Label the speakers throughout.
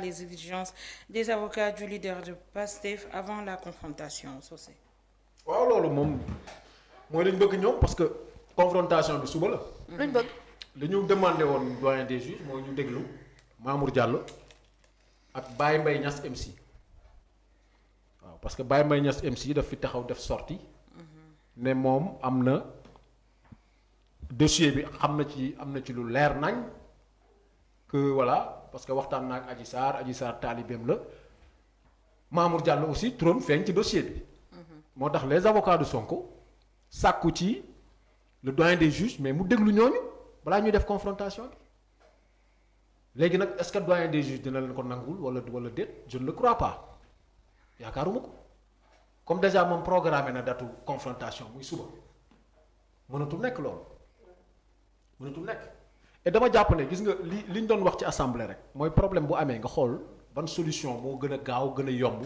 Speaker 1: les exigences des avocats du leader de la confrontation Socé.
Speaker 2: waaw loolu moom mooy lañ bëgg ñoom parce que confrontation bi suba la. lañ li ñu demandé woon doyen des juges mooy ñu déglu Mamour Diallo ak Baye mbay Niass MC waaw parce que Baye Mbaye Niass MC daf fi taxaw def sortie mhm. ne moom am na dossier bi xam na ci am na ci lu leer nañ que voilà. parce que waxtaan naa ak Adji Sarr Adji Sarr taalibeem la Mamour Diallo aussi turam feeñ ci dossier bi. Mhm. moo tax les avocats de Sonko sàkku ci le doyen des juges mais mu déglu ñooñu balaa ñuy def confrontation bi léegi nag est-ce que doyen des juges dina leen ko nangul wala wala déet je ne le pas yaakaaruma ko comme déjà moom programmé na datu confrontation muy suba mënatul nekk loolu mënatul nekk. et dama jàpp ne gis nga li li ñu doon wax ci assemblée rek mooy problème bu amee nga xool ban solution moo gën a gaaw gën a yomb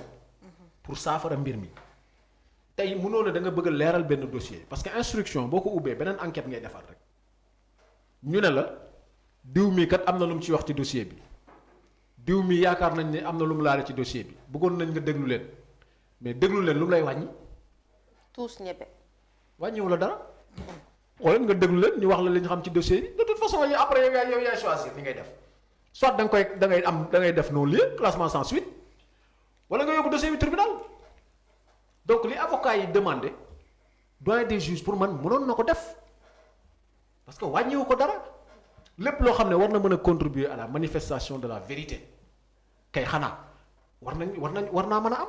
Speaker 2: pour saafara mbir mi tey mënoo ne da nga bëgg leeral benn dossier parce que instruction boo ko ubbee beneen enquête ngay defar rek ñu ne la diw mi kat am na lu mu ci wax ci dossier bi diw mi yaakaar nañ ne am na lu mu laale ci dossier bi bëggoon nañ nga déglu leen mais déglu leen lu mu lay wàññi. tuus ñebe. wàññiwu la dara. wala nga déglu leen ñu wax la li ñu xam ci dossier bi de toute façon yow après yow yaay yow yaay choisir li ngay def soit da nga koy dangay am da def non lieu classement sans suite wala nga yóbbu dossier bi tribunal donc li avocat yi demandé doyen des juges pour man mënoon na ko def parce que wàññiwu ko dara lépp loo xam ne war na mën a contribuer à la manifestation de la vérité kay xanaa war nañ war nañ war naa mën a am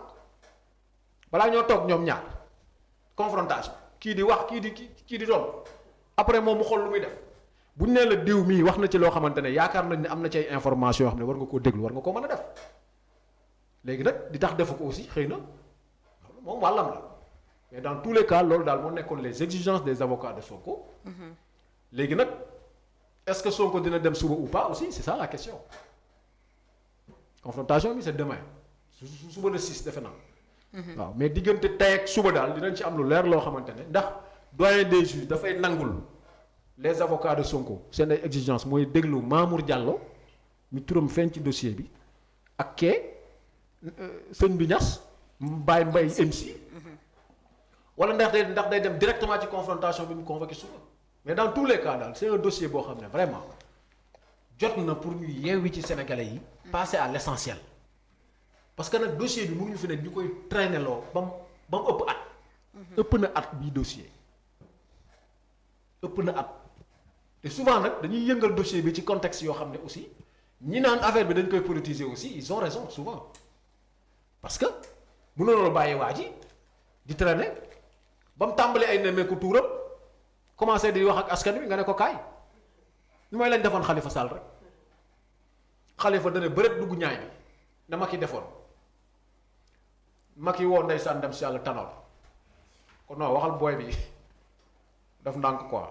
Speaker 2: balaa ñoo toog ñoom ñaar confrontation kii di wax kii di kii di doon après moom mu xool lu muy def bu ñu nee la diw mii wax na ci loo xamante ne yaakaar nañ ne am na ci ay information yoo xam ne war nga koo déglu war nga koo mën a def léegi nag di tax defu ko aussi xëy na moom wàllam la mais dans tous les cas loolu daal moo nekkoon les exigences des avocats de mhm. léegi nag est-ce que Sonko dina dem suba ou pas aussi c'est ça la question confrontation bi c'est su suba le 6 defe naa. Mhm. waaw mais diggante tey ak suba daal dinañ ci am lu leer loo xamante ne ndax. doyen des juges dafay nangul les avocats de Sonko seen ay exigence mooy déglu Mamour Diallo mi turam feeñ ci dossier bi ak kee euh, sëñ bi ñas mbaay mbay MC wala ndax day ndax day dem directement ci confrontation bi mu convoqué suba mais dans tous les cas daal c'est un dossier boo xam ne vraiment jot na pour ñu yeewi ci sénégalais yi mm. passer à l'essentiel parce que nag dossier bi mënuñu fi nekk ñu koy traîner loo ba mu ëpp at mm-hmm. ëpp na at bii dossier ëpp na at te souvent nag dañuy yëngal dossier bi ci contexte yoo xam ne aussi ñi naan affaire bi dañ koy politiser aussi ils ont raison souvent parce que mënuloo bàyyi waa ji di traîner ba mu tàmbali ay nemmeeku tuuram commencé di wax ak askan wi nga ne ko kaay ñu mooy lañ defoon xalifa Sall rek Khalifa dana bërëb dugg ñaay bi na Macky defoon Macky woo ndeysaan dem si yàlla tanoor kon non waxal booy bi. daf ndànk quoi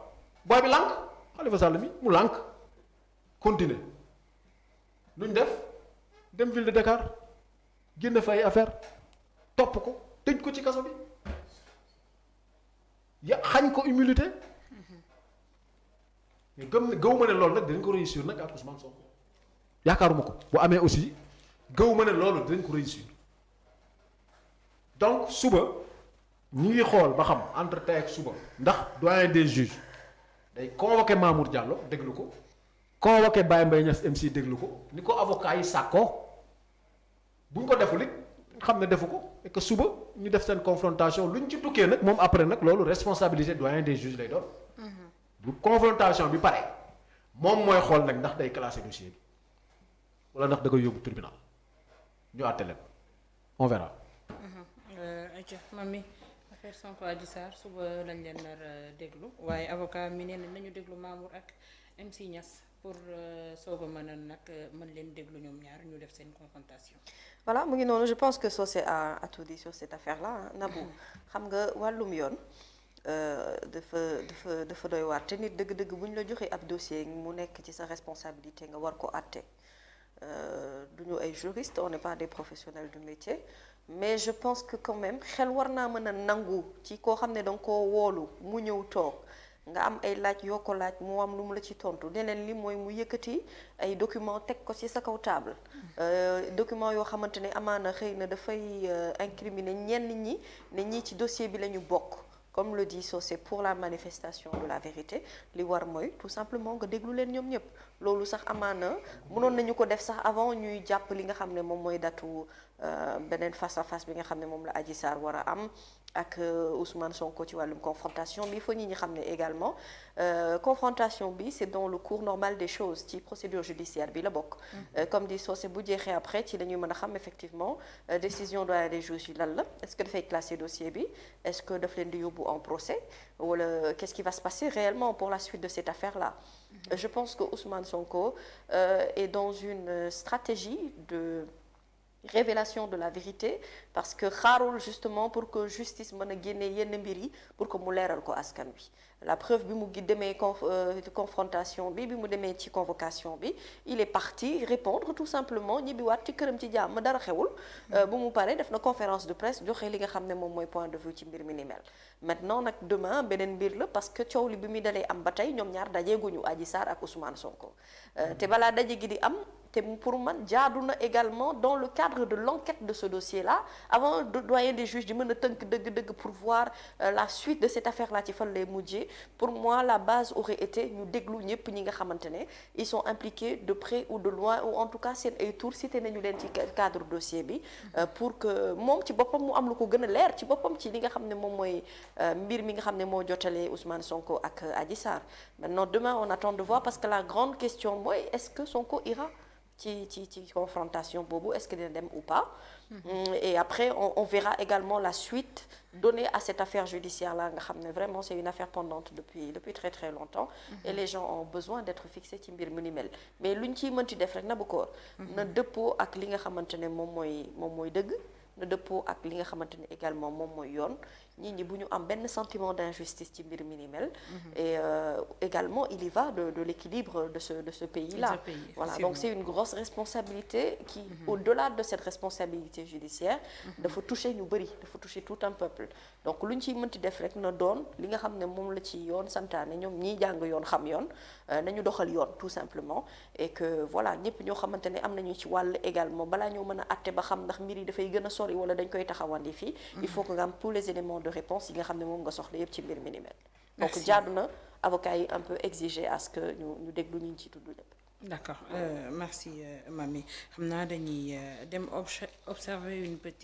Speaker 2: booy bi lànk Khalifa Sall mi mu lànk continuer luñ def dem ville de Dakar génn fa ay affaire topp ko tëj ko ci kaso bi ya xañ ko immunité mais mhm. gëm gëw ma ne loolu nag dinañ ko réussir nag ak Ousmane Sonko yaakaaruma ko bu amee aussi gëw ma ne loolu dinañ ko réussir donc suba. ñu ngi xool ba xam entre tey ak suba ndax doyen des juges day convoqué Mamour jàlloo déglu ko convoqué Baye Mbaye Niass MC déglu ko ni ko avocat yi sàkkoo bu ñu ko deful it xam ne defu ko et suba ñu def seen confrontation lu ñu ci tukkee nag moom après nag loolu responsabilité doyen des juges lay doon. Mhm. bu confrontation bi pare moom mooy xool nag ndax day classé dossier bi wala ndax da koy yóbbu tribunal ñu àtte leen
Speaker 1: affaire Sonko Adji Sarr suba lañ leen nar déglu waaye avocat mi nee nañu déglu Mamour ak MC Niass pour euh, soog a mën a nag euh, mën leen déglu ñoom ñaar ñu def seen confrontation. voilà mu ngi noonu je pense que Socé a, a tout dit sur cette affaire là xam nga wàllum yoon. Euh, dafa dafa dafa doy waar te dëgg-dëgg bu ñu la joxee ab dossier mu nekk ci sa responsabilité nga war ko àtte du ñu ay juriste on n'est pas des professionnels du métier mais je pense que quand même xel war naa mën a nangu ci koo xam ne danga koo woolu mu ñëw toog nga am ay laaj yoo ko laaj mu am lu mu la ci tontu leneen li mooy mu yëkkati ay document teg ko ci sa kaw table euh, document yoo xamante ne amaana xëy na dafay euh, incriminer ñenn ñi ne ñii ci dossier bi la ñu bokk comme le dit Socé pour la manifestation de la vérité li war mooy tout simplement nga déglu leen ñoom ñëpp loolu sax amaana mënoon nañu ko def sax avant ñuy jàpp li nga xam ne moom mooy datu euh, beneen face fas bi nga xam ne moom la Adji Sarr war a am ak euh, Ousmane confrontation bi il xam ne également euh, confrontation bi c'est dans le cours normal des choses ci procédure judiciaire bi la bokk. Mm-hmm. Euh, comme di soose bu jeexee après ci a xam effectivement décision doyen des juges yi lan la est-ce que dafay classer dossier bi est-ce que daf leen di yóbbu en procès wala qu'est-ce qui va se passer réellement pour la suite de cette affaire mm-hmm. Je pense que Ousmane Sonko est dans une stratégie de. révélation de la vérité parce que xaarul justement pour que justice mën a génne yenn mbir yi pour que mu leeral ko askan bi la preuve bi mu demee euh, confrontation bi bi mu demee ci convocation bi il est parti répondre tout simplement ñibbiwaat ci këram ci ma dara xewul euh, bu mu paree def na conférence de presse joxe li nga xam ne moom mooy point de vue ci mbir mi ni mel maintenant nag demain beneen mbir la parce que coow li bi muy dalee am ba tey ñoom ñaar dajeeguñu Adji Sarr ak Ousmane Sonko euh, te balaa daje gi di am te pour man jaadu na également dans le cadre de l'enquête de ce dossier-là avant doyen des juges di mën a tënk dëgg-dëgg pour voir euh, la suite de cette affaire-là ci fan lay mujjee pour moi la base aurait été ñu déglu ñëpp ñi nga xamante ne ils sont impliqués de près ou de loin ou en tout cas seen ay tour cité nañu leen ci cadre dossier bi euh, pour que moom ci boppam mu am lu ko gën a leer ci boppam ci li nga xam ne moom mooy euh, mbir mi nga xam ne moo jotale Ousmane Sonko ak Adji Sarr maintenant demain on parce que la grande question mooy est-ce que Sonko ira ci ci ci confrontation boobu est-ce que dina dem ou pas mhm. mm, et après on, verra également la suite donnée à cette affaire judiciaire là nga xam ne vraiment c'est une affaire pendante depuis très très longtemps mhm. et les gens ont besoin d'être fixés ci mbir mu ni mel mais lu ñu ciy mënti def rek na bu koor mhm. na dëppoo ak li nga xamante ne moom mooy moom mooy dëgg na dëppoo ak li nga xamante ne également moom mooy yoon ñit ñi bu ñu am benn sentiment d'injustice ci mbir mi ni mhm. euh, il y va de l'équilibre de ce de ce donc c'est une grosse responsabilité qui mhm. au-delà de cette responsabilité judiciaire mhm. dafa toucher ñu bëri dafa toucher tout un peuple donc lu ñu ciy mënti def rek na doon li nga xam ne moom la ci yoon santaane ñoom ñiy jàng yoon xam yoon euh, nañu doxal yoon tout simplement et que voilà ñëpp a atte ba xam ndax mbir a sori wala dañ koy taxawandi fii il mhm. faut que nga am tous les éléments de réponse yi nga xam ne moom nga soxla yépp ci mbir mi donc jaadu na avocat yi un peu exiger à ce que ñu ñu ñu ci tudd lépp d'accord euh, euh,